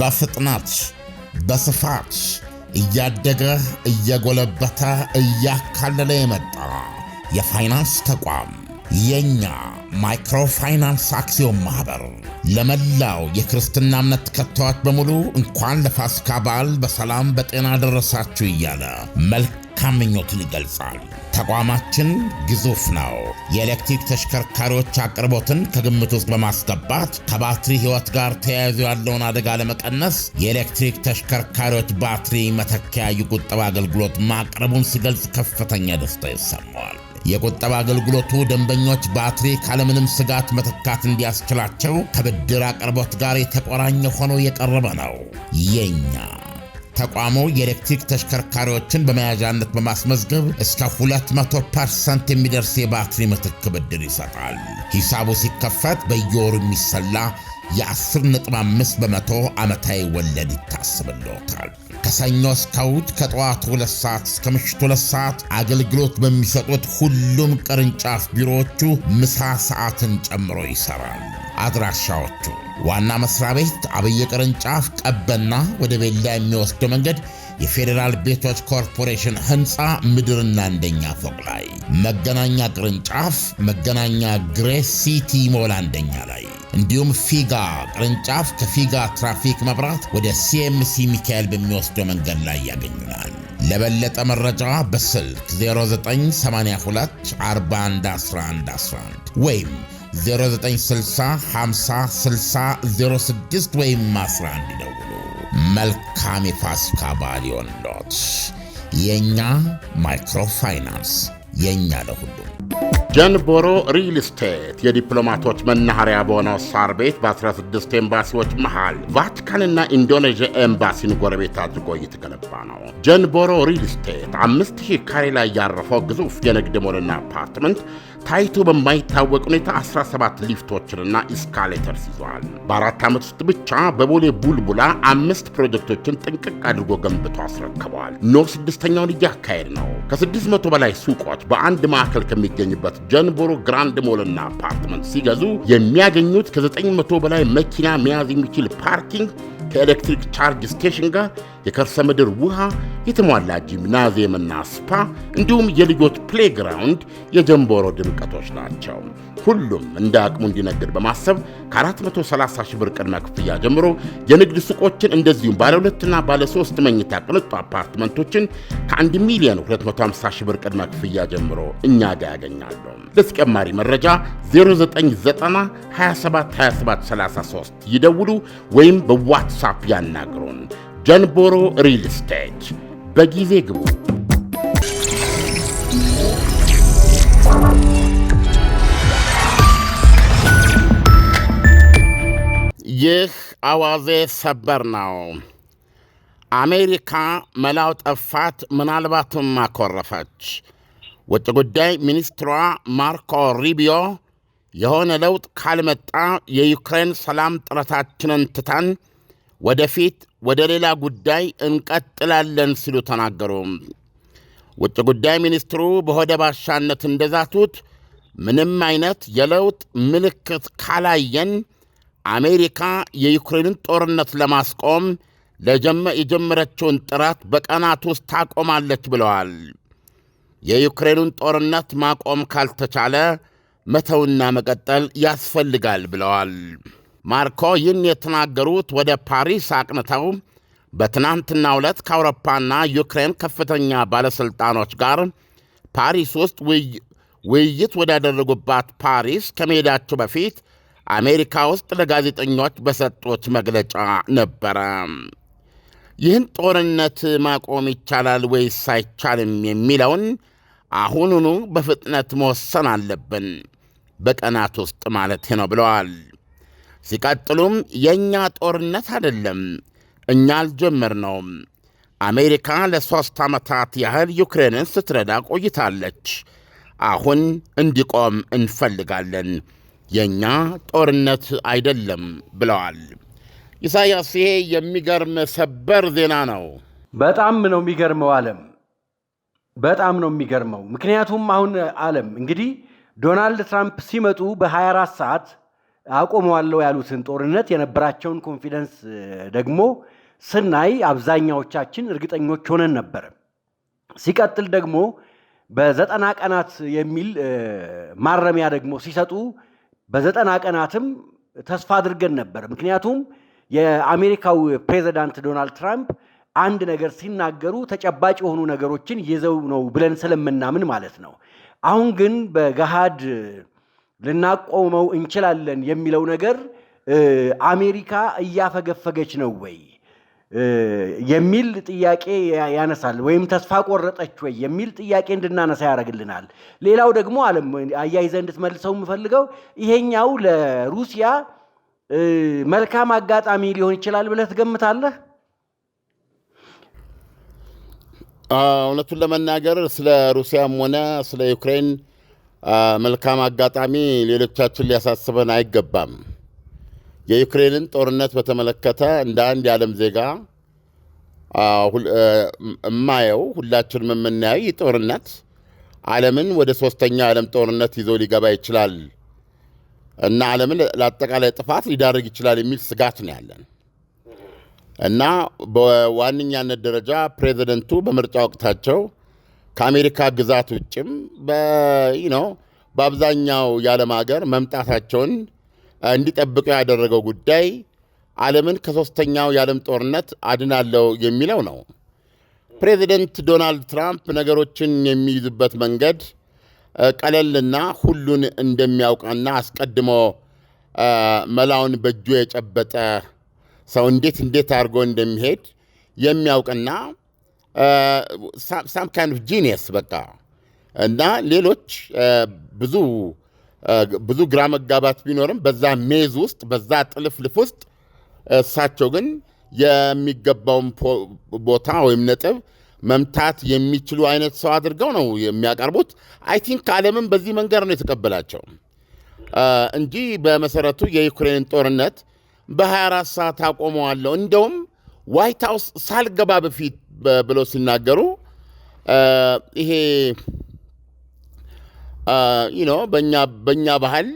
በፍጥነት በስፋት እያደገ እየጎለበተ እያካለለ የመጣ የፋይናንስ ተቋም የእኛ ማይክሮፋይናንስ አክሲዮን ማኅበር ለመላው የክርስትና እምነት ተከታዮች በሙሉ እንኳን ለፋሲካ በዓል በሰላም በጤና ደረሳችሁ እያለ መልክ መልካም ይገልጻል። ተቋማችን ግዙፍ ነው። የኤሌክትሪክ ተሽከርካሪዎች አቅርቦትን ከግምት ውስጥ በማስገባት ከባትሪ ሕይወት ጋር ተያይዞ ያለውን አደጋ ለመቀነስ የኤሌክትሪክ ተሽከርካሪዎች ባትሪ መተኪያ የቁጠባ አገልግሎት ማቅረቡን ሲገልጽ ከፍተኛ ደስታ ይሰማዋል። የቁጠባ አገልግሎቱ ደንበኞች ባትሪ ካለምንም ስጋት መተካት እንዲያስችላቸው ከብድር አቅርቦት ጋር የተቆራኘ ሆኖ የቀረበ ነው። የኛ ተቋሙ የኤሌክትሪክ ተሽከርካሪዎችን በመያዣነት በማስመዝገብ እስከ 200 ፐርሰንት የሚደርስ የባትሪ ምትክ ብድር ይሰጣል። ሂሳቡ ሲከፈት በየወሩ የሚሰላ የ10.5 በመቶ ዓመታዊ ወለድ ይታስብልዎታል። ከሰኞ እስከ እሑድ ከጠዋቱ 2 ሰዓት እስከ ምሽቱ 2 ሰዓት አገልግሎት በሚሰጡት ሁሉም ቅርንጫፍ ቢሮዎቹ ምሳ ሰዓትን ጨምሮ ይሰራል። አድራሻዎቹ ዋና መስሪያ ቤት አብይ ቅርንጫፍ ቀበና ወደ ቤላ የሚወስደው መንገድ የፌዴራል ቤቶች ኮርፖሬሽን ህንፃ ምድርና አንደኛ ፎቅ ላይ፣ መገናኛ ቅርንጫፍ መገናኛ ግሬስ ሲቲ ሞል አንደኛ ላይ እንዲሁም ፊጋ ቅርንጫፍ ከፊጋ ትራፊክ መብራት ወደ ሲኤምሲ ሚካኤል በሚወስደው መንገድ ላይ ያገኙናል። ለበለጠ መረጃ በስልክ 0982411111 ወይም 0960 50 06 ወይም 11 ይደውሉ። መልካም የፋሲካ በዓል ይሆንልዎት። የእኛ ማይክሮፋይናንስ የእኛ ለሁሉም። ጀንቦሮ ሪል ስቴት የዲፕሎማቶች መናኸሪያ በሆነው ሳር ቤት በ16 ኤምባሲዎች መሃል ቫቲካንና ኢንዶኔዥያ ኤምባሲን ጎረቤት አድርጎ እየተገነባ ነው። ጀንቦሮ ሪል ስቴት 5000 ካሬ ላይ ያረፈው ግዙፍ የንግድ ሞልና አፓርትመንት ታይቶ በማይታወቅ ሁኔታ 17 ሊፍቶችንና ኢስካሌተርስ ይዘዋል። በአራት ዓመት ውስጥ ብቻ በቦሌ ቡልቡላ አምስት ፕሮጀክቶችን ጥንቅቅ አድርጎ ገንብቶ አስረክበዋል። ኖህ ስድስተኛውን እያካሄድ ነው። ከ600 በላይ ሱቆች በአንድ ማዕከል ከሚገኝበት ጀንቦሮ ግራንድ ሞልና አፓርትመንት ሲገዙ የሚያገኙት ከ900 በላይ መኪና መያዝ የሚችል ፓርኪንግ ከኤሌክትሪክ ቻርጅ ስቴሽን ጋር የከርሰ ምድር ውሃ፣ የተሟላ ጂምናዚየምና ስፓ እንዲሁም የልጆች ፕሌይግራውንድ የጀንቦሮ ድምቀቶች ናቸው። ሁሉም እንደ አቅሙ እንዲነግድ በማሰብ ከ430 ሺህ ብር ቅድመ ክፍያ ጀምሮ የንግድ ሱቆችን እንደዚሁም ባለ ሁለትና ባለ ሶስት መኝታ ቅንጡ አፓርትመንቶችን ከ1 ሚሊዮን 250 ሺህ ብር ቅድመ ክፍያ ጀምሮ እኛ ጋር ያገኛሉ። ለተጨማሪ መረጃ 0990272733 ይደውሉ ወይም በዋትሳፕ ያናግሩን። ጀንቦሮ ሪል ስቴት በጊዜ ግቡ። ይህ አዋዜ ሰበር ነው። አሜሪካ መላው ጠፋት፣ ምናልባትም አኮረፈች። ውጭ ጉዳይ ሚኒስትሯ ማርኮ ሪቢዮ የሆነ ለውጥ ካልመጣ የዩክሬን ሰላም ጥረታችንን ትተን ወደፊት ወደ ሌላ ጉዳይ እንቀጥላለን ሲሉ ተናገሩ። ውጭ ጉዳይ ሚኒስትሩ በሆደ ባሻነት እንደዛቱት ምንም አይነት የለውጥ ምልክት ካላየን አሜሪካ የዩክሬንን ጦርነት ለማስቆም የጀመረችውን ጥረት በቀናት ውስጥ ታቆማለች ብለዋል። የዩክሬኑን ጦርነት ማቆም ካልተቻለ መተውና መቀጠል ያስፈልጋል ብለዋል። ማርኮ ይህን የተናገሩት ወደ ፓሪስ አቅንተው በትናንትናው ዕለት ከአውሮፓና ዩክሬን ከፍተኛ ባለሥልጣኖች ጋር ፓሪስ ውስጥ ውይይት ወዳደረጉባት ፓሪስ ከመሄዳቸው በፊት አሜሪካ ውስጥ ለጋዜጠኞች በሰጡት መግለጫ ነበረ። ይህን ጦርነት ማቆም ይቻላል ወይስ አይቻልም የሚለውን አሁኑኑ በፍጥነት መወሰን አለብን፣ በቀናት ውስጥ ማለት ነው ብለዋል። ሲቀጥሉም የእኛ ጦርነት አይደለም፣ እኛ ነው አሜሪካ ለሦስት ዓመታት ያህል ዩክሬንን ስትረዳ ቆይታለች። አሁን እንዲቆም እንፈልጋለን የእኛ ጦርነት አይደለም ብለዋል። ኢሳያስ፣ ይሄ የሚገርም ሰበር ዜና ነው። በጣም ነው የሚገርመው ዓለም በጣም ነው የሚገርመው። ምክንያቱም አሁን ዓለም እንግዲህ ዶናልድ ትራምፕ ሲመጡ በ24 ሰዓት አቆመዋለሁ ያሉትን ጦርነት የነበራቸውን ኮንፊደንስ ደግሞ ስናይ አብዛኛዎቻችን እርግጠኞች ሆነን ነበር። ሲቀጥል ደግሞ በዘጠና ቀናት የሚል ማረሚያ ደግሞ ሲሰጡ በዘጠና ቀናትም ተስፋ አድርገን ነበር። ምክንያቱም የአሜሪካው ፕሬዚዳንት ዶናልድ ትራምፕ አንድ ነገር ሲናገሩ ተጨባጭ የሆኑ ነገሮችን ይዘው ነው ብለን ስለምናምን ማለት ነው። አሁን ግን በገሃድ ልናቆመው እንችላለን የሚለው ነገር አሜሪካ እያፈገፈገች ነው ወይ? የሚል ጥያቄ ያነሳል። ወይም ተስፋ ቆረጠች ወይ የሚል ጥያቄ እንድናነሳ ያደርግልናል። ሌላው ደግሞ አለም አያይዘ እንድትመልሰው የምፈልገው ይሄኛው ለሩሲያ መልካም አጋጣሚ ሊሆን ይችላል ብለህ ትገምታለህ? እውነቱን ለመናገር ስለ ሩሲያም ሆነ ስለ ዩክሬን መልካም አጋጣሚ ሌሎቻችን ሊያሳስበን አይገባም። የዩክሬንን ጦርነት በተመለከተ እንደ አንድ የዓለም ዜጋ እማየው ሁላችንም የምናየው ይህ ጦርነት ዓለምን ወደ ሶስተኛው የዓለም ጦርነት ይዞ ሊገባ ይችላል እና ዓለምን ለአጠቃላይ ጥፋት ሊዳርግ ይችላል የሚል ስጋት ነው ያለን እና በዋነኛነት ደረጃ ፕሬዚደንቱ በምርጫ ወቅታቸው ከአሜሪካ ግዛት ውጭም በአብዛኛው የዓለም ሀገር መምጣታቸውን እንዲጠብቀው ያደረገው ጉዳይ ዓለምን ከሦስተኛው የዓለም ጦርነት አድናለሁ የሚለው ነው። ፕሬዚደንት ዶናልድ ትራምፕ ነገሮችን የሚይዙበት መንገድ ቀለልና ሁሉን እንደሚያውቅና አስቀድሞ መላውን በእጁ የጨበጠ ሰው እንዴት እንዴት አድርጎ እንደሚሄድ የሚያውቅና ሳም ካይንድ ኦፍ ጂኒየስ በቃ እና ሌሎች ብዙ ብዙ ግራ መጋባት ቢኖርም በዛ ሜዝ ውስጥ በዛ ጥልፍልፍ ውስጥ እሳቸው ግን የሚገባውን ቦታ ወይም ነጥብ መምታት የሚችሉ አይነት ሰው አድርገው ነው የሚያቀርቡት። አይ ቲንክ ዓለምን በዚህ መንገድ ነው የተቀበላቸው እንጂ በመሰረቱ የዩክሬን ጦርነት በ24 ሰዓት አቆመዋለሁ እንደውም ዋይት ሀውስ ሳልገባ በፊት ብለው ሲናገሩ ይሄ ነው በእኛ ባህል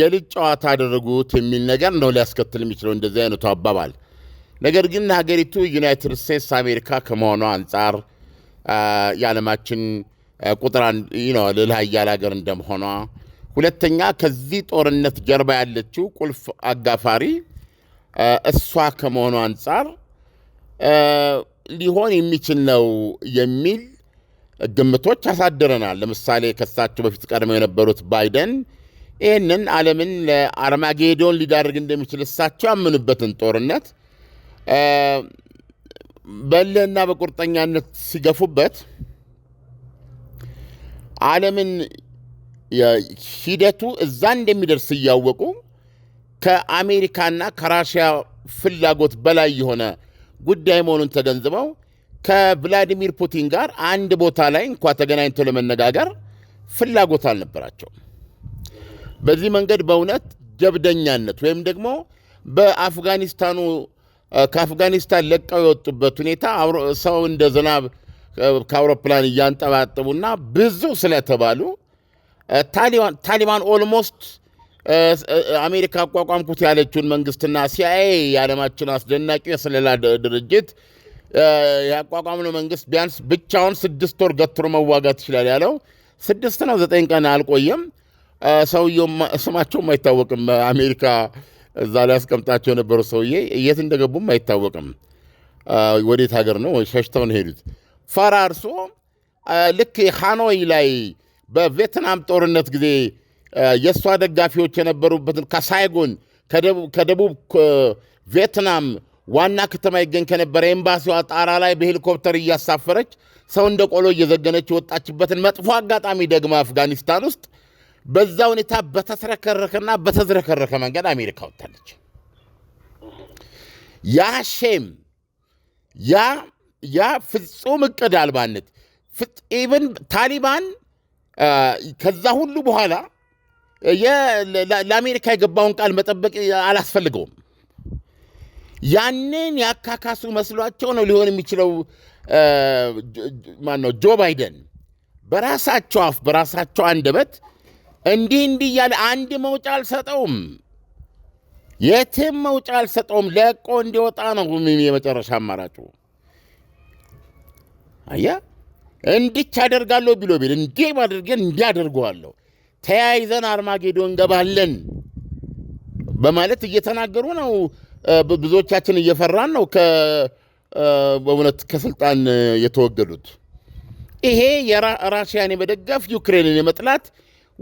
የልጅ ጨዋታ ያደረጉት የሚል ነገር ነው ሊያስከትል የሚችለው እንደዚህ አይነቱ አባባል። ነገር ግን ሀገሪቱ ዩናይትድ ስቴትስ አሜሪካ ከመሆኗ አንጻር የዓለማችን ቁጥር ልዕለ ኃያል ሀገር እንደመሆኗ፣ ሁለተኛ ከዚህ ጦርነት ጀርባ ያለችው ቁልፍ አጋፋሪ እሷ ከመሆኗ አንጻር ሊሆን የሚችል ነው የሚል ግምቶች አሳድረናል። ለምሳሌ ከሳቸው በፊት ቀድመው የነበሩት ባይደን ይህንን ዓለምን ለአርማጌዶን ሊዳርግ እንደሚችል እሳቸው ያምኑበትን ጦርነት በእልህና በቁርጠኛነት ሲገፉበት ዓለምን ሂደቱ እዛ እንደሚደርስ እያወቁ ከአሜሪካና ከራሽያ ፍላጎት በላይ የሆነ ጉዳይ መሆኑን ተገንዝበው ከቭላዲሚር ፑቲን ጋር አንድ ቦታ ላይ እንኳ ተገናኝቶ ለመነጋገር ፍላጎት አልነበራቸውም። በዚህ መንገድ በእውነት ጀብደኛነት ወይም ደግሞ በአፍጋኒስታኑ ከአፍጋኒስታን ለቀው የወጡበት ሁኔታ ሰው እንደ ዝናብ ከአውሮፕላን እያንጠባጠቡና ብዙ ስለተባሉ ታሊባን ኦልሞስት አሜሪካ አቋቋምኩት ያለችውን መንግስትና ሲአይኤ የዓለማችን አስደናቂ የስለላ ድርጅት ያቋቋምነው መንግስት ቢያንስ ብቻውን ስድስት ወር ገትሮ መዋጋት ይችላል ያለው ስድስት ነው ዘጠኝ ቀን አልቆየም። ሰውየው ስማቸውም አይታወቅም። አሜሪካ እዛ ላይ ያስቀምጣቸው የነበረው ሰውዬ የት እንደገቡም አይታወቅም። ወዴት ሀገር ነው ሸሽተው ነው ሄዱት። ፈራርሶ ልክ ሃኖይ ላይ በቪየትናም ጦርነት ጊዜ የእሷ ደጋፊዎች የነበሩበትን ከሳይጎን ከደቡብ ቪየትናም ዋና ከተማ ይገኝ ከነበረ ኤምባሲዋ ጣራ ላይ በሄሊኮፕተር እያሳፈረች ሰው እንደ ቆሎ እየዘገነች የወጣችበትን መጥፎ አጋጣሚ ደግሞ አፍጋኒስታን ውስጥ በዛ ሁኔታ በተስረከረከና በተዝረከረከ መንገድ አሜሪካ ወጥታለች። ያ ሼም ያ ያ ፍጹም እቅድ አልባነት ኢብን ታሊባን ከዛ ሁሉ በኋላ ለአሜሪካ የገባውን ቃል መጠበቅ አላስፈልገውም። ያንን ያካካሱ መስሏቸው ነው ሊሆን የሚችለው። ማነው ጆ ባይደን በራሳቸው አፍ በራሳቸው አንደበት እንዲህ እንዲህ እያለ አንድ መውጫ አልሰጠውም፣ የትም መውጫ አልሰጠውም። ለቆ እንዲወጣ ነው የመጨረሻ አማራጩ። አያ እንዲች አደርጋለሁ ቢሎ ቢል እንዲህ አድርገን እንዲህ አደርገዋለሁ ተያይዘን አርማጌዶ እንገባለን በማለት እየተናገሩ ነው። ብዙዎቻችን እየፈራን ነው በእውነት ከስልጣን የተወገዱት። ይሄ ራሽያን የመደገፍ ዩክሬንን የመጥላት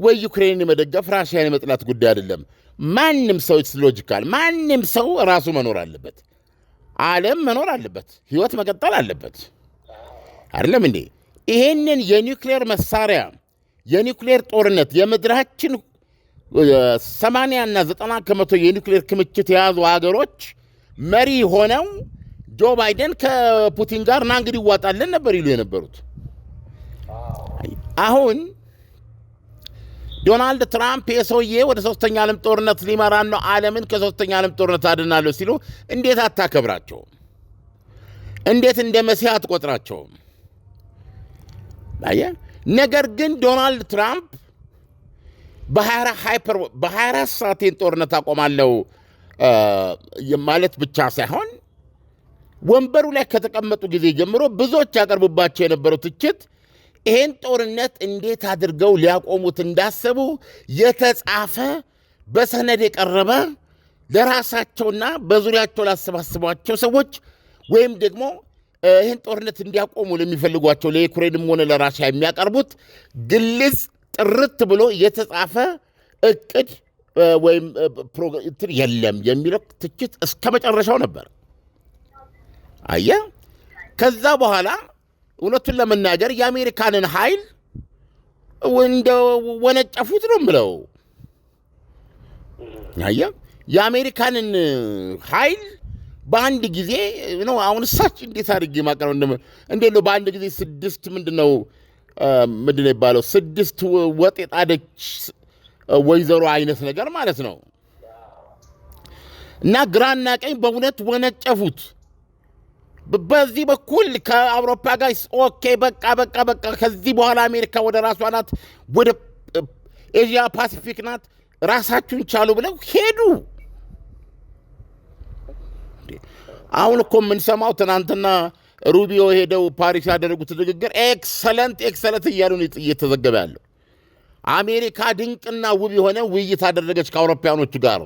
ወይ ዩክሬንን የመደገፍ ራሽያን የመጥላት ጉዳይ አይደለም። ማንም ሰው ሎጂካል ማንም ሰው ራሱ መኖር አለበት። ዓለም መኖር አለበት። ህይወት መቀጠል አለበት። አይደለም እንዴ? ይሄንን የኒውክሌር መሳሪያ የኒውክሌር ጦርነት የምድራችን ሰማንያና ዘጠና ከመቶ የኒውክሌር ክምችት የያዙ ሀገሮች መሪ ሆነው ጆ ባይደን ከፑቲን ጋር ና እንግዲህ ይዋጣለን ነበር ይሉ የነበሩት። አሁን ዶናልድ ትራምፕ የሰውዬ ወደ ሶስተኛ ዓለም ጦርነት ሊመራን ነው፣ ዓለምን ከሶስተኛ ዓለም ጦርነት አድናለሁ ሲሉ እንዴት አታከብራቸውም? እንዴት እንደ መሲህ አትቆጥራቸውም? ነገር ግን ዶናልድ ትራምፕ በ24 ሰዓቴን ጦርነት አቆማለሁ ማለት ብቻ ሳይሆን ወንበሩ ላይ ከተቀመጡ ጊዜ ጀምሮ ብዙዎች ያቀርቡባቸው የነበረው ትችት ይህን ጦርነት እንዴት አድርገው ሊያቆሙት እንዳሰቡ የተጻፈ በሰነድ የቀረበ ለራሳቸውና በዙሪያቸው ላሰባስቧቸው ሰዎች ወይም ደግሞ ይህን ጦርነት እንዲያቆሙ ለሚፈልጓቸው ለዩክሬንም ሆነ ለራሻ የሚያቀርቡት ግልጽ ጥርት ብሎ የተጻፈ እቅድ ወይም የለም የሚለው ትችት እስከ መጨረሻው ነበር። አየ ከዛ በኋላ እውነቱን ለመናገር የአሜሪካንን ኃይል እንደ ወነጨፉት ነው ምለው። አየ የአሜሪካንን ኃይል በአንድ ጊዜ ነው አሁን እሳች እንዴት አድርጌ ማቀረው እንደ ነው በአንድ ጊዜ ስድስት ምንድን ነው ምንድነው የሚባለው ስድስት ወጥ የጣደች ወይዘሮ አይነት ነገር ማለት ነው። እና ግራና ቀኝ በእውነት ወነጨፉት። በዚህ በኩል ከአውሮፓ ጋር ኦኬ፣ በቃ በቃ በቃ፣ ከዚህ በኋላ አሜሪካ ወደ ራሷ ናት፣ ወደ ኤዥያ ፓሲፊክ ናት፣ ራሳችሁን ቻሉ ብለው ሄዱ። አሁን እኮ የምንሰማው ትናንትና ሩቢዮ ሄደው ፓሪስ ያደረጉት ንግግር ኤክሰለንት ኤክሰለንት እያሉ እየተዘገበ ያለው አሜሪካ ድንቅና ውብ የሆነ ውይይት አደረገች ከአውሮፓያኖቹ ጋር።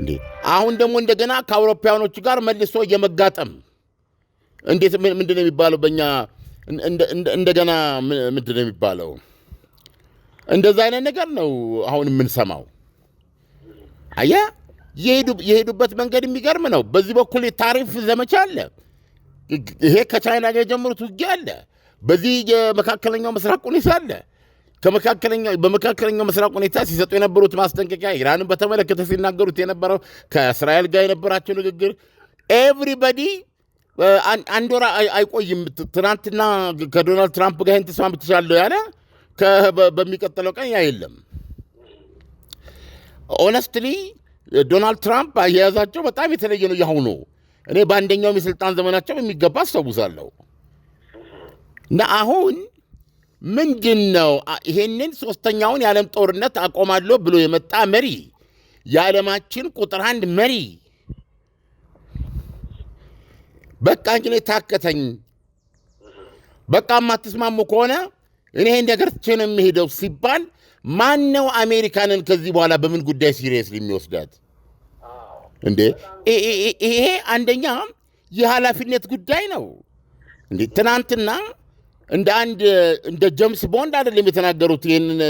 እንዴ አሁን ደግሞ እንደገና ከአውሮፓያኖቹ ጋር መልሶ የመጋጠም እንዴት ምንድነው የሚባለው? በእኛ እንደገና ምንድነው የሚባለው? እንደዛ አይነት ነገር ነው አሁን የምንሰማው አያ የሄዱበት መንገድ የሚገርም ነው። በዚህ በኩል የታሪፍ ዘመቻ አለ። ይሄ ከቻይና ጋር የጀመሩት ውጊያ አለ። በዚህ የመካከለኛው ምስራቅ ሁኔታ አለ። በመካከለኛው ምስራቅ ሁኔታ ሲሰጡ የነበሩት ማስጠንቀቂያ፣ ኢራንን በተመለከተ ሲናገሩት የነበረው ከእስራኤል ጋር የነበራቸው ንግግር ኤቭሪባዲ አንድ ወር አይቆይም። ትናንትና ከዶናልድ ትራምፕ ጋር ይህን ተስማምቻለሁ ያለ በሚቀጥለው ቀን ያ የለም ኦነስትሊ ዶናልድ ትራምፕ አያያዛቸው በጣም የተለየ ነው ያሁኑ። እኔ በአንደኛውም የስልጣን ዘመናቸው የሚገባ አስታውሳለሁ። እና አሁን ምንድን ነው ይሄንን ሶስተኛውን የዓለም ጦርነት አቆማለሁ ብሎ የመጣ መሪ የዓለማችን ቁጥር አንድ መሪ በቃ እንጂ እኔ ታከተኝ፣ በቃ የማትስማሙ ከሆነ እኔ ይሄን ነገር ትቼ ነው የሚሄደው ሲባል ማን ነው አሜሪካንን ከዚህ በኋላ በምን ጉዳይ ሲሪየስ የሚወስዳት እንዴ? ይሄ አንደኛ የኃላፊነት ጉዳይ ነው እንዴ። ትናንትና እንደ አንድ እንደ ጀምስ ቦንድ አይደለም የተናገሩት ይህንን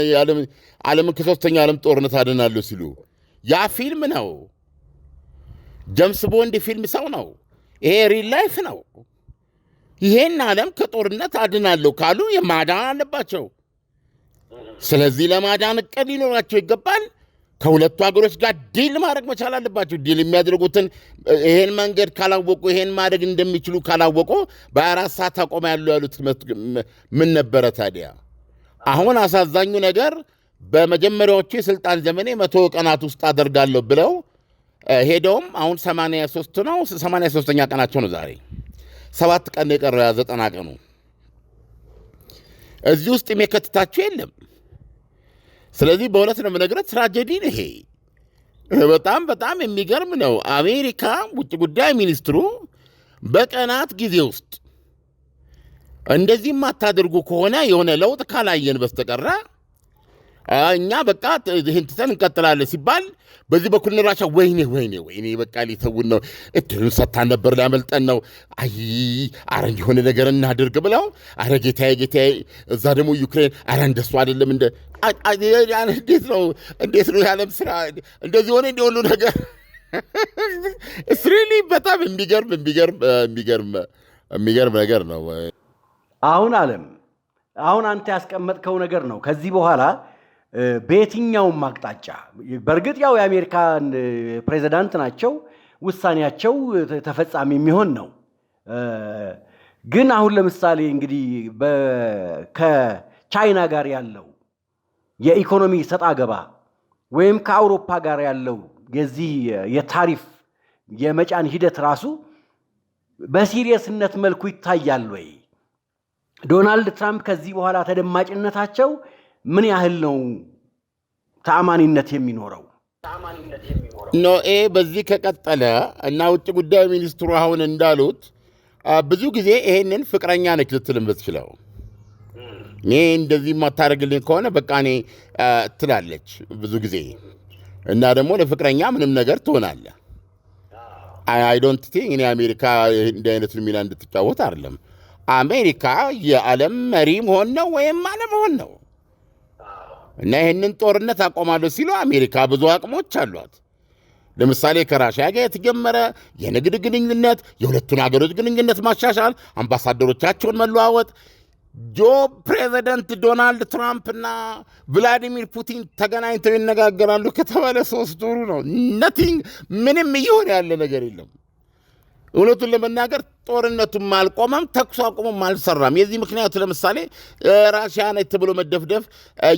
ዓለምን ከሶስተኛው ዓለም ጦርነት አድናለሁ ሲሉ። ያ ፊልም ነው። ጀምስ ቦንድ ፊልም ሰው ነው። ይሄ ሪል ላይፍ ነው። ይሄን ዓለም ከጦርነት አድናለሁ ካሉ የማዳን አለባቸው። ስለዚህ ለማዳን እቅድ ሊኖራቸው ይገባል። ከሁለቱ ሀገሮች ጋር ዲል ማድረግ መቻል አለባቸው። ዲል የሚያደርጉትን ይሄን መንገድ ካላወቁ ይሄን ማድረግ እንደሚችሉ ካላወቁ በአራት ሰዓት ታቆማ ያሉ ያሉት ምን ነበረ ታዲያ? አሁን አሳዛኙ ነገር በመጀመሪያዎቹ የስልጣን ዘመኔ መቶ ቀናት ውስጥ አደርጋለሁ ብለው ሄደውም አሁን 83 ነው 83ኛ ቀናቸው ነው ዛሬ። ሰባት ቀን የቀረ ዘጠና ቀኑ እዚህ ውስጥ የሚከትታቸው የለም። ስለዚህ በእውነት ነው የምነግርህ፣ ትራጀዲ ይሄ። በጣም በጣም የሚገርም ነው። አሜሪካ ውጭ ጉዳይ ሚኒስትሩ በቀናት ጊዜ ውስጥ እንደዚህ የማታደርጉ ከሆነ የሆነ ለውጥ ካላየን በስተቀራ እኛ በቃ ይህን ትተን እንቀጥላለን ሲባል በዚህ በኩል ራሻ ወይኔ ወይኔ ወይኔ በቃ ሊተውን ነው እድሉን ሰታን ነበር ሊያመልጠን ነው። አይ አረ የሆነ ነገር እናድርግ ብለው አረ ጌታ ጌታ እዛ ደግሞ ዩክሬን አረ እንደሱ አይደለም እንደ እንዴት ነው እንዴት ነው የዓለም ስራ እንደዚህ ሆነ እንዲህ ሁሉ ነገር እስሪሊ በጣም የሚገርም የሚገርም የሚገርም የሚገርም ነገር ነው። አሁን አለም አሁን አንተ ያስቀመጥከው ነገር ነው ከዚህ በኋላ በየትኛውም አቅጣጫ በእርግጥ ያው የአሜሪካን ፕሬዚዳንት ናቸው፣ ውሳኔያቸው ተፈጻሚ የሚሆን ነው። ግን አሁን ለምሳሌ እንግዲህ ከቻይና ጋር ያለው የኢኮኖሚ ሰጣ ገባ ወይም ከአውሮፓ ጋር ያለው የዚህ የታሪፍ የመጫን ሂደት ራሱ በሲሪየስነት መልኩ ይታያል ወይ? ዶናልድ ትራምፕ ከዚህ በኋላ ተደማጭነታቸው ምን ያህል ነው ተአማኒነት የሚኖረው? ኖኤ በዚህ ከቀጠለ እና ውጭ ጉዳይ ሚኒስትሩ አሁን እንዳሉት ብዙ ጊዜ ይሄንን ፍቅረኛ ነች ልትልም የምትችለው እኔ እንደዚህ የማታደርግልኝ ከሆነ በቃ እኔ ትላለች ብዙ ጊዜ እና ደግሞ ለፍቅረኛ ምንም ነገር ትሆናለ። አይዶንት ቲንክ እኔ አሜሪካ እንዲህ አይነቱን ሚና እንድትጫወት አይደለም። አሜሪካ የዓለም መሪ መሆን ነው ወይም አለመሆን ነው። እና ይህንን ጦርነት አቆማለሁ ሲሉ አሜሪካ ብዙ አቅሞች አሏት። ለምሳሌ ከራሽያ ጋር የተጀመረ የንግድ ግንኙነት፣ የሁለቱን ሀገሮች ግንኙነት ማሻሻል፣ አምባሳደሮቻቸውን መለዋወጥ ጆ ፕሬዚደንት ዶናልድ ትራምፕ እና ቭላዲሚር ፑቲን ተገናኝተው ይነጋገራሉ ከተባለ ሶስት ወሩ ነው። ነቲንግ ምንም እየሆነ ያለ ነገር የለም። እውነቱን ለመናገር ጦርነቱም አልቆመም፣ ተኩስ አቁሙም አልሰራም። የዚህ ምክንያቱ ለምሳሌ ራሽያ ነች ተብሎ መደፍደፍ፣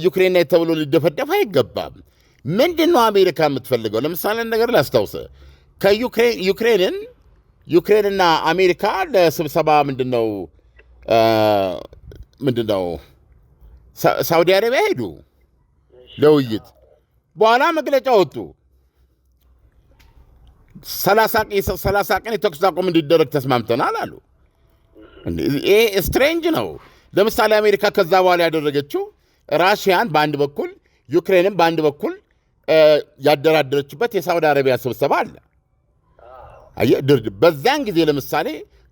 ዩክሬን ነች ተብሎ ሊደፈደፍ አይገባም። ምንድን ነው አሜሪካ የምትፈልገው? ለምሳሌ ነገር ላስታውሰ ከዩክሬንን ዩክሬንና አሜሪካ ለስብሰባ ምንድነው ምንድነው ሳውዲ አረቢያ ሄዱ ለውይይት፣ በኋላ መግለጫ ወጡ። ሰላሳ ቀን የተኩስ አቁም እንዲደረግ ተስማምተናል አሉ። ይሄ ስትሬንጅ ነው። ለምሳሌ አሜሪካ ከዛ በኋላ ያደረገችው ራሽያን በአንድ በኩል ዩክሬንን በአንድ በኩል ያደራደረችበት የሳውዲ አረቢያ ስብሰባ አለ። በዛን ጊዜ ለምሳሌ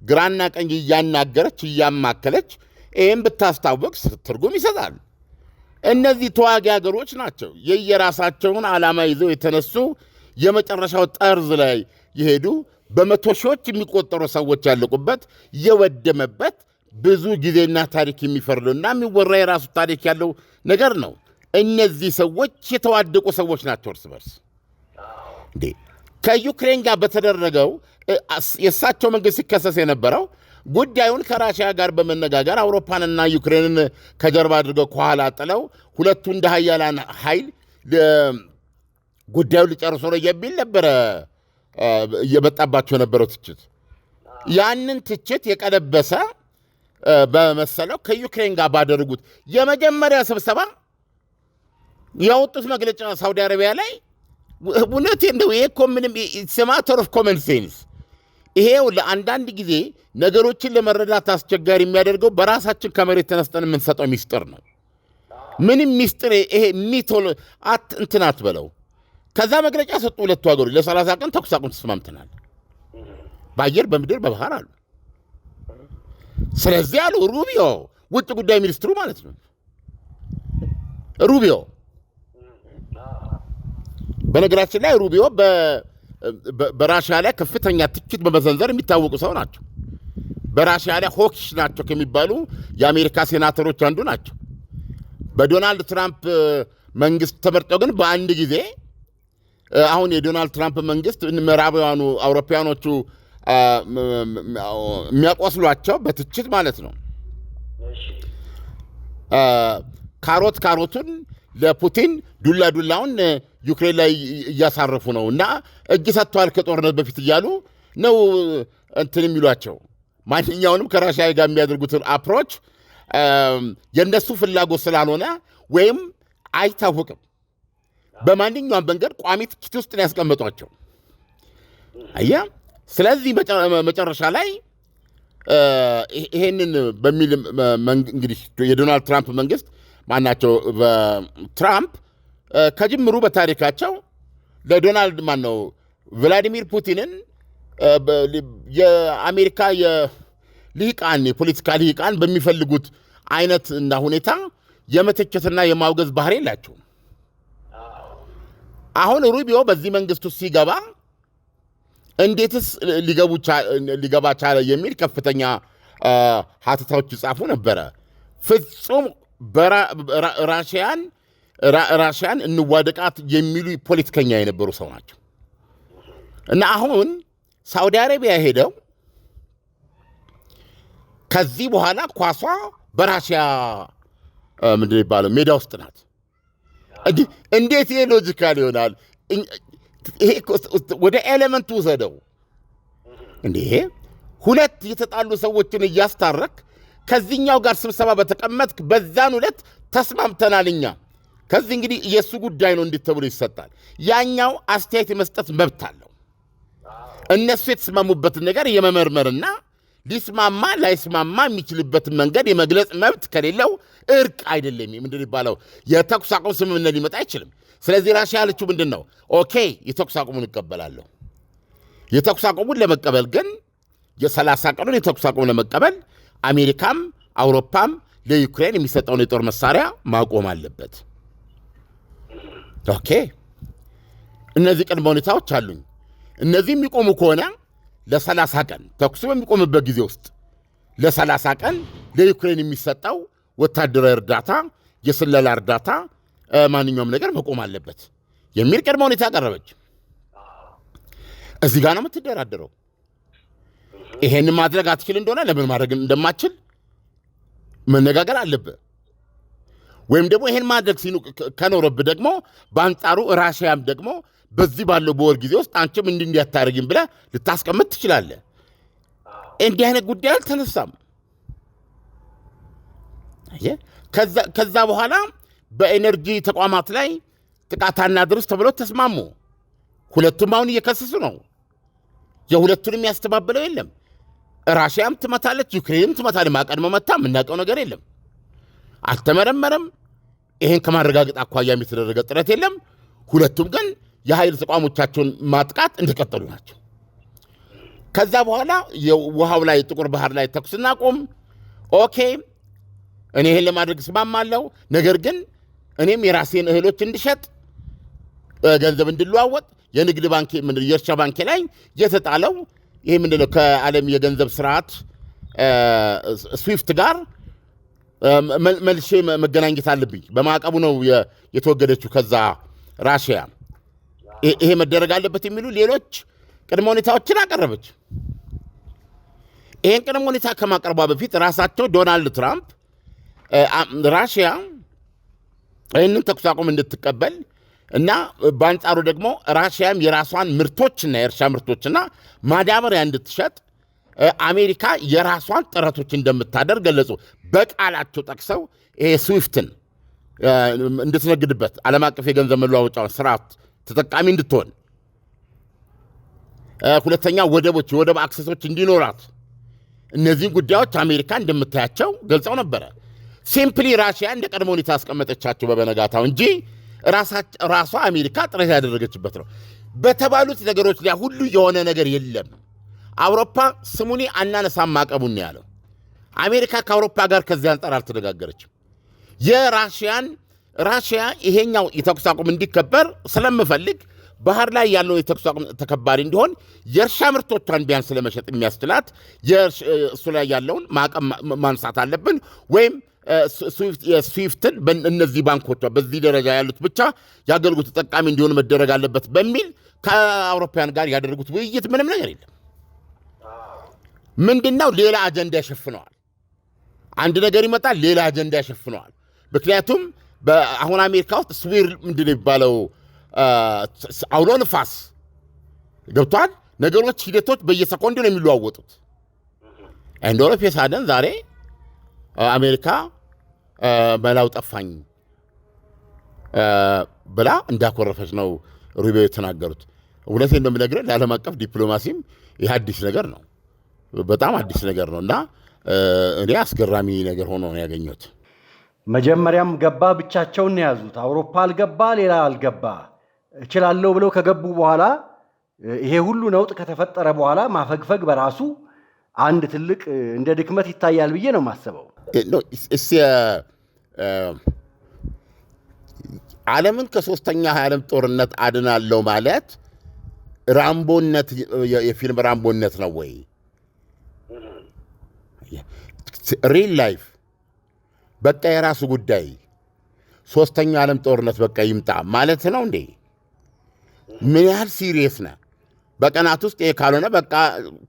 ግራና ቀኝ እያናገረች እያማከለች ይህም ብታስታወቅ ትርጉም ይሰጣል። እነዚህ ተዋጊ ሀገሮች ናቸው። የየራሳቸውን ዓላማ ይዘው የተነሱ የመጨረሻው ጠርዝ ላይ የሄዱ በመቶ ሺዎች የሚቆጠሩ ሰዎች ያለቁበት የወደመበት ብዙ ጊዜና ታሪክ የሚፈርዱና የሚወራ የራሱ ታሪክ ያለው ነገር ነው። እነዚህ ሰዎች የተዋደቁ ሰዎች ናቸው እርስ በርስ እንዴ። ከዩክሬን ጋር በተደረገው የእሳቸው መንግስት ሲከሰስ የነበረው ጉዳዩን ከራሽያ ጋር በመነጋገር አውሮፓንና ዩክሬንን ከጀርባ አድርገው ከኋላ ጥለው ሁለቱ እንደ ሀያላን ኃይል ጉዳዩ ሊጨርሶ ነው የሚል ነበረ እየመጣባቸው የነበረው ትችት። ያንን ትችት የቀለበሰ በመሰለው ከዩክሬን ጋር ባደረጉት የመጀመሪያ ስብሰባ ያወጡት መግለጫ ሳውዲ አረቢያ ላይ እውነት እንደው ይሄ እኮ ምንም ማተር ኦፍ ኮመን ሴንስ ይሄው ለአንዳንድ ጊዜ ነገሮችን ለመረዳት አስቸጋሪ የሚያደርገው በራሳችን ከመሬት ተነስጠን የምንሰጠው ሚስጥር ነው። ምንም ሚስጥር ይሄ ሚቶሎ አት እንትን አትበለው ከዛ መግለጫ ሰጡ። ሁለቱ ሀገሮች ለሰላሳ ቀን ተኩስ አቁም ተስማምተናል፣ በአየር በምድር በባህር አሉ። ስለዚህ አሉ ሩቢዮ፣ ውጭ ጉዳይ ሚኒስትሩ ማለት ነው። ሩቢዮ በነገራችን ላይ ሩቢዮ በራሽያ ላይ ከፍተኛ ትችት በመዘንዘር የሚታወቁ ሰው ናቸው። በራሽያ ላይ ሆክሽ ናቸው ከሚባሉ የአሜሪካ ሴናተሮች አንዱ ናቸው። በዶናልድ ትራምፕ መንግስት ተመርጠው ግን በአንድ ጊዜ አሁን የዶናልድ ትራምፕ መንግስት ምዕራባውያኑ አውሮፓውያኖቹ የሚያቆስሏቸው በትችት ማለት ነው። ካሮት ካሮቱን ለፑቲን ዱላ ዱላውን ዩክሬን ላይ እያሳረፉ ነው እና እጅ ሰጥተዋል ከጦርነት በፊት እያሉ ነው እንትን የሚሏቸው ማንኛውንም ከራሽያ ጋር የሚያደርጉትን አፕሮች የእነሱ ፍላጎት ስላልሆነ ወይም አይታወቅም በማንኛውም መንገድ ቋሚ ትችት ውስጥ ነው ያስቀመጧቸው። ስለዚህ መጨረሻ ላይ ይሄንን በሚል እንግዲህ የዶናልድ ትራምፕ መንግስት ማናቸው ትራምፕ ከጅምሩ በታሪካቸው ለዶናልድ ማን ነው ቭላዲሚር ፑቲንን የአሜሪካ የልሂቃን የፖለቲካ ልሂቃን በሚፈልጉት አይነት እና ሁኔታ የመተቸትና የማውገዝ ባህሪ የላቸውም። አሁን ሩቢዮ በዚህ መንግስት ውስጥ ሲገባ እንዴትስ ሊገባ ቻለ የሚል ከፍተኛ ሀተታዎች ይጻፉ ነበረ። ፍጹም ራሽያን ራሽያን እንዋደቃት የሚሉ ፖለቲከኛ የነበሩ ሰው ናቸው እና አሁን ሳውዲ አረቢያ ሄደው ከዚህ በኋላ ኳሷ በራሽያ ምንድን ይባለው ሜዳ ውስጥ ናት እንዴት ይሄ ሎጂካል ይሆናል? ይሄ ወደ ኤሌመንት ውሰደው። እንዴ ሁለት የተጣሉ ሰዎችን እያስታረክ ከዚህኛው ጋር ስብሰባ በተቀመጥክ በዛን ሁለት ተስማምተናል እኛ ከዚህ እንግዲህ የእሱ ጉዳይ ነው እንዲህ ተብሎ ይሰጣል። ያኛው አስተያየት የመስጠት መብት አለው። እነሱ የተስማሙበትን ነገር የመመርመርና ሊስማማ ላይስማማ የሚችልበትን መንገድ የመግለጽ መብት ከሌለው እርቅ አይደለም ምንድን ይባለው የተኩስ አቁም ስምምነት ሊመጣ አይችልም። ስለዚህ ራሽያ ያለችው ምንድን ነው? ኦኬ የተኩስ አቁሙን እቀበላለሁ። የተኩስ አቁሙን ለመቀበል ግን የሰላሳ ቀኑን የተኩስ አቁም ለመቀበል አሜሪካም አውሮፓም ለዩክሬን የሚሰጠውን የጦር መሳሪያ ማቆም አለበት። ኦኬ እነዚህ ቅድመ ሁኔታዎች አሉኝ። እነዚህ የሚቆሙ ከሆነ ለሰላሳ ቀን ተኩሱ በሚቆምበት ጊዜ ውስጥ ለሰላሳ ቀን ለዩክሬን የሚሰጠው ወታደራዊ እርዳታ፣ የስለላ እርዳታ፣ ማንኛውም ነገር መቆም አለበት የሚል ቅድመ ሁኔታ ያቀረበች። እዚህ ጋ ነው የምትደራደረው። ይሄን ማድረግ አትችል እንደሆነ ለምን ማድረግ እንደማችል መነጋገር አለብህ። ወይም ደግሞ ይሄን ማድረግ ሲኑ ከኖረብ ደግሞ በአንጻሩ ራሽያም ደግሞ በዚህ ባለው በወር ጊዜ ውስጥ አንቺም እንዲህ እንዲህ አታደርጊም ብላ ልታስቀምጥ ትችላለህ። እንዲህ አይነት ጉዳይ አልተነሳም። ከዛ በኋላ በኤነርጂ ተቋማት ላይ ጥቃት አናድርስ ተብሎ ተስማሙ። ሁለቱም አሁን እየከሰሱ ነው። የሁለቱንም ያስተባበለው የለም። ራሽያም ትመታለች፣ ዩክሬንም ትመታለች። ማቀድመ መታ የምናውቀው ነገር የለም። አልተመረመረም። ይህን ከማረጋገጥ አኳያ የተደረገ ጥረት የለም። ሁለቱም ግን የኃይል ተቋሞቻቸውን ማጥቃት እንደቀጠሉ ናቸው። ከዛ በኋላ ውሃው ላይ ጥቁር ባህር ላይ ተኩስ እናቁም፣ ኦኬ፣ እኔ ይህን ለማድረግ እስማማለሁ። ነገር ግን እኔም የራሴን እህሎች እንድሸጥ ገንዘብ እንድለዋወጥ የንግድ ባንኬ የእርሻ ባንኬ ላይ የተጣለው ይህ ምንድን ከዓለም የገንዘብ ስርዓት ስዊፍት ጋር መልሼ መገናኘት አለብኝ። በማዕቀቡ ነው የተወገደችው ከዛ ራሽያ ይሄ መደረግ አለበት የሚሉ ሌሎች ቅድመ ሁኔታዎችን አቀረበች። ይህን ቅድመ ሁኔታ ከማቀርቧ በፊት ራሳቸው ዶናልድ ትራምፕ ራሽያ ይህንን ተኩስ አቁም እንድትቀበል እና በአንጻሩ ደግሞ ራሽያም የራሷን ምርቶችና የእርሻ ምርቶችና ማዳበሪያ እንድትሸጥ አሜሪካ የራሷን ጥረቶች እንደምታደርግ ገለጹ። በቃላቸው ጠቅሰው ይሄ ስዊፍትን እንድትነግድበት ዓለም አቀፍ የገንዘብ መለዋወጫውን ስርዓት ተጠቃሚ እንድትሆን፣ ሁለተኛ ወደቦች፣ የወደብ አክሰሶች እንዲኖራት፣ እነዚህን ጉዳዮች አሜሪካ እንደምታያቸው ገልጸው ነበረ። ሲምፕሊ ራሽያ እንደ ቀድሞ ሁኔታ ያስቀመጠቻቸው በበነጋታው እንጂ ራሷ አሜሪካ ጥረት ያደረገችበት ነው። በተባሉት ነገሮች ላይ ሁሉ የሆነ ነገር የለም። አውሮፓ ስሙኒ አናነሳ ማዕቀቡን ያለው አሜሪካ ከአውሮፓ ጋር ከዚህ አንጻር አልተነጋገረችም። የራሽያን ራሽያ ይሄኛው የተኩስ አቁም እንዲከበር ስለምፈልግ ባህር ላይ ያለው የተኩስ አቁም ተከባሪ እንዲሆን የእርሻ ምርቶቿን ቢያንስ ለመሸጥ የሚያስችላት እሱ ላይ ያለውን ማዕቀብ ማንሳት አለብን ወይም ስዊፍትን እነዚህ ባንኮቿ በዚህ ደረጃ ያሉት ብቻ የአገልግሎት ተጠቃሚ እንዲሆኑ መደረግ አለበት በሚል ከአውሮፓውያን ጋር ያደረጉት ውይይት ምንም ነገር የለም። ምንድነው ሌላ አጀንዳ ያሸፍነዋል። አንድ ነገር ይመጣል፣ ሌላ አጀንዳ ያሸፍነዋል። ምክንያቱም አሁን አሜሪካ ውስጥ ስዊር ምንድን የሚባለው አውሎ ንፋስ ገብቷል። ነገሮች፣ ሂደቶች በየሰኮንድ ነው የሚለዋወጡት። እንደሆነ ፌሳደን ዛሬ አሜሪካ መላው ጠፋኝ ብላ እንዳኮረፈች ነው ሩቢዮ የተናገሩት። እውነቴን ነው የምነግርህ፣ ለዓለም አቀፍ ዲፕሎማሲም ይህ አዲስ ነገር ነው፣ በጣም አዲስ ነገር ነው እና እኔ አስገራሚ ነገር ሆኖ ነው ያገኘሁት። መጀመሪያም ገባ ብቻቸውን ያዙት የያዙት። አውሮፓ አልገባ፣ ሌላ አልገባ። እችላለሁ ብለው ከገቡ በኋላ ይሄ ሁሉ ነውጥ ከተፈጠረ በኋላ ማፈግፈግ በራሱ አንድ ትልቅ እንደ ድክመት ይታያል ብዬ ነው የማስበው። eh, uh, uh, ዓለምን ከሶስተኛ ዓለም ጦርነት አድናለው ማለት ራምቦነት የፊልም ራምቦነት ነው ወይ? ሪል ላይፍ በቃ የራሱ ጉዳይ ሶስተኛው ዓለም ጦርነት በቃ ይምጣ ማለት ነው እንዴ? ምን ያህል ሲሪየስ ነ በቀናት ውስጥ ይሄ ካልሆነ በቃ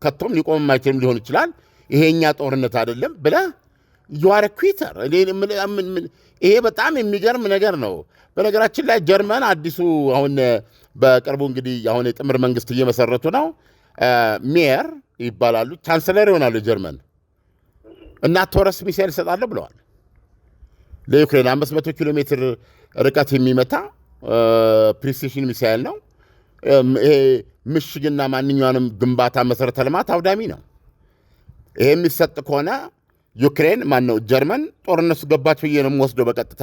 ከቶም ሊቆም የማይችልም ሊሆን ይችላል። ይሄኛ ጦርነት አይደለም ብለ ዩአር ኩዊተር። ይሄ በጣም የሚገርም ነገር ነው። በነገራችን ላይ ጀርመን አዲሱ አሁን በቅርቡ እንግዲህ አሁን የጥምር መንግስት እየመሰረቱ ነው። ሜየር ይባላሉ ቻንስለር ይሆናሉ ጀርመን እና ቶረስ ሚሳይል ይሰጣለሁ ብለዋል። ለዩክሬን 500 ኪሎ ሜትር ርቀት የሚመታ ፕሪሲሽን ሚሳይል ነው። ይሄ ምሽግና ማንኛውንም ግንባታ መሰረተ ልማት አውዳሚ ነው። ይሄ የሚሰጥ ከሆነ ዩክሬን ማነው ጀርመን ጦርነቱ ገባች ብዬ ነው ወስዶ በቀጥታ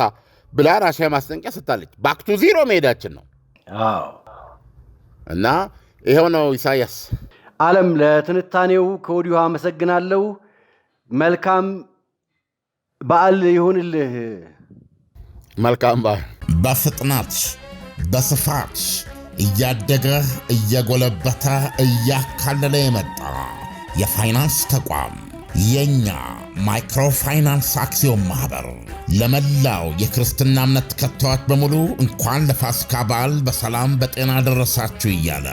ብላ ራሽያ ማስጠንቂያ ስታለች፣ ባክቱ ዚሮ መሄዳችን ነው እና ይኸው ነው። ኢሳያስ አለም ለትንታኔው ከወዲሁ አመሰግናለሁ። መልካም በዓል ይሁንልህ። መልካም በዓል። በፍጥነት በስፋት እያደገ እየጎለበተ እያካለለ የመጣ የፋይናንስ ተቋም የእኛ ማይክሮፋይናንስ አክሲዮን ማኅበር ለመላው የክርስትና እምነት ተከታዮች በሙሉ እንኳን ለፋሲካ በዓል በሰላም በጤና ደረሳችሁ እያለ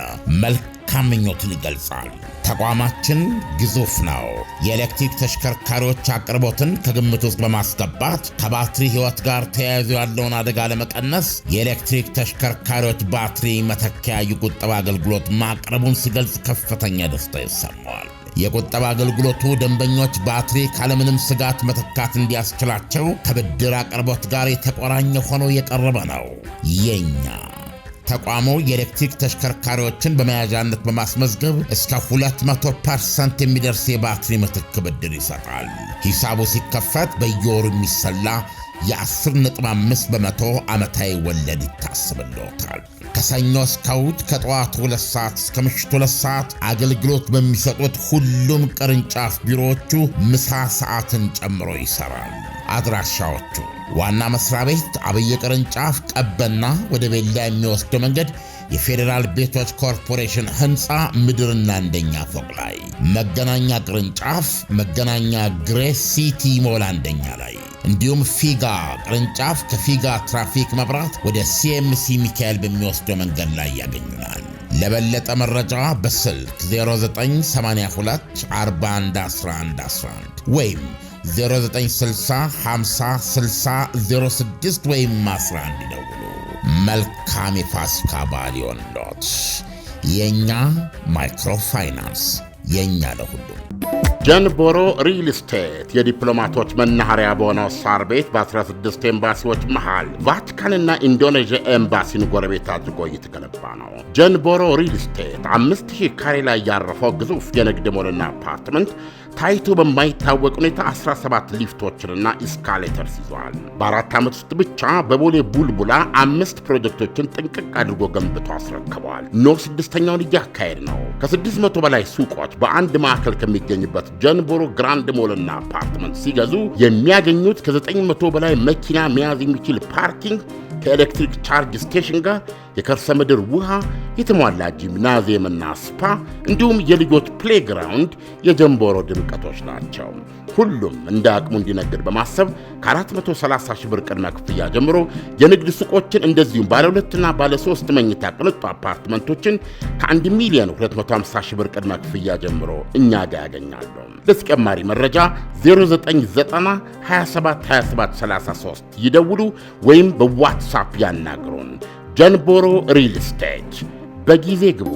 መልካም ምኞትን ይገልጻል። ተቋማችን ግዙፍ ነው። የኤሌክትሪክ ተሽከርካሪዎች አቅርቦትን ከግምት ውስጥ በማስገባት ከባትሪ ሕይወት ጋር ተያይዞ ያለውን አደጋ ለመቀነስ የኤሌክትሪክ ተሽከርካሪዎች ባትሪ መተኪያ የቁጠባ አገልግሎት ማቅረቡን ሲገልጽ ከፍተኛ ደስታ ይሰማዋል። የቁጠባ አገልግሎቱ ደንበኞች ባትሪ ካለምንም ስጋት መተካት እንዲያስችላቸው ከብድር አቅርቦት ጋር የተቆራኘ ሆኖ የቀረበ ነው። የኛ ተቋሙ የኤሌክትሪክ ተሽከርካሪዎችን በመያዣነት በማስመዝገብ እስከ 200 ፐርሰንት የሚደርስ የባትሪ ምትክ ብድር ይሰጣል። ሂሳቡ ሲከፈት በየወሩ የሚሰላ የ10.5 በመቶ ዓመታዊ ወለድ ይታስብልዎታል። ከሰኞ እስከ እሑድ ከጠዋቱ ሁለት ሰዓት እስከ ምሽቱ ሁለት ሰዓት አገልግሎት በሚሰጡት ሁሉም ቅርንጫፍ ቢሮዎቹ ምሳ ሰዓትን ጨምሮ ይሰራል። አድራሻዎቹ ዋና መስሪያ ቤት አብየ ቅርንጫፍ ቀበና ወደ ቤላ የሚወስደው መንገድ የፌዴራል ቤቶች ኮርፖሬሽን ህንፃ ምድርና አንደኛ ፎቅ ላይ፣ መገናኛ ቅርንጫፍ መገናኛ ግሬስ ሲቲ ሞል አንደኛ ላይ እንዲሁም ፊጋ ቅርንጫፍ ከፊጋ ትራፊክ መብራት ወደ ሲኤምሲ ሚካኤል በሚወስደው መንገድ ላይ ያገኙናል። ለበለጠ መረጃ በስልክ 0982411111 ወይም 0960506006 ወይም 11 ይደውሉ። መልካም የፋሲካ በዓል ይሆንልዎት። የእኛ ማይክሮፋይናንስ የእኛ ለሁሉም ጀንቦሮ ሪል ስቴት የዲፕሎማቶች መናኸሪያ በሆነው ሳር ቤት በ16 ኤምባሲዎች መሃል ቫቲካንና ኢንዶኔዥያ ኤምባሲን ጎረቤት አድርጎ እየተገነባ ነው። ጀንቦሮ ሪል ስቴት 5000 ካሬ ላይ ያረፈው ግዙፍ የንግድ ሞልና አፓርትመንት ታይቶ በማይታወቅ ሁኔታ 17 ሊፍቶችንና ኢስካሌተርስ ይዘዋል። በአራት ዓመት ውስጥ ብቻ በቦሌ ቡልቡላ አምስት ፕሮጀክቶችን ጥንቅቅ አድርጎ ገንብቶ አስረክበዋል። ኖ ስድስተኛውን እያካሄድ ነው። ከ600 በላይ ሱቆች በአንድ ማዕከል ከሚገኝበት ጀንቦሮ ግራንድ ሞልና አፓርትመንት ሲገዙ የሚያገኙት ከ900 በላይ መኪና መያዝ የሚችል ፓርኪንግ ከኤሌክትሪክ ቻርጅ ስቴሽን ጋር የከርሰ ምድር ውሃ፣ የተሟላ ጂምናዚየምና ስፓ እንዲሁም የልጆች ፕሌግራውንድ የጀንቦሮ ድምቀቶች ናቸው። ሁሉም እንደ አቅሙ እንዲነግድ በማሰብ ከ430 ሺህ ብር ቅድመ ክፍያ ጀምሮ የንግድ ሱቆችን እንደዚሁም ባለ ሁለትና ባለ ሶስት መኝታ ቅንጡ አፓርትመንቶችን ከ1 ሚሊዮን 250 ሺህ ብር ቅድመ ክፍያ ጀምሮ እኛ ጋር ያገኛሉ። ለተጨማሪ መረጃ 0990272733 ይደውሉ ወይም በዋትሳፕ ያናግሩን። ጀንቦሮ ሪል ስቴት በጊዜ ግቡ።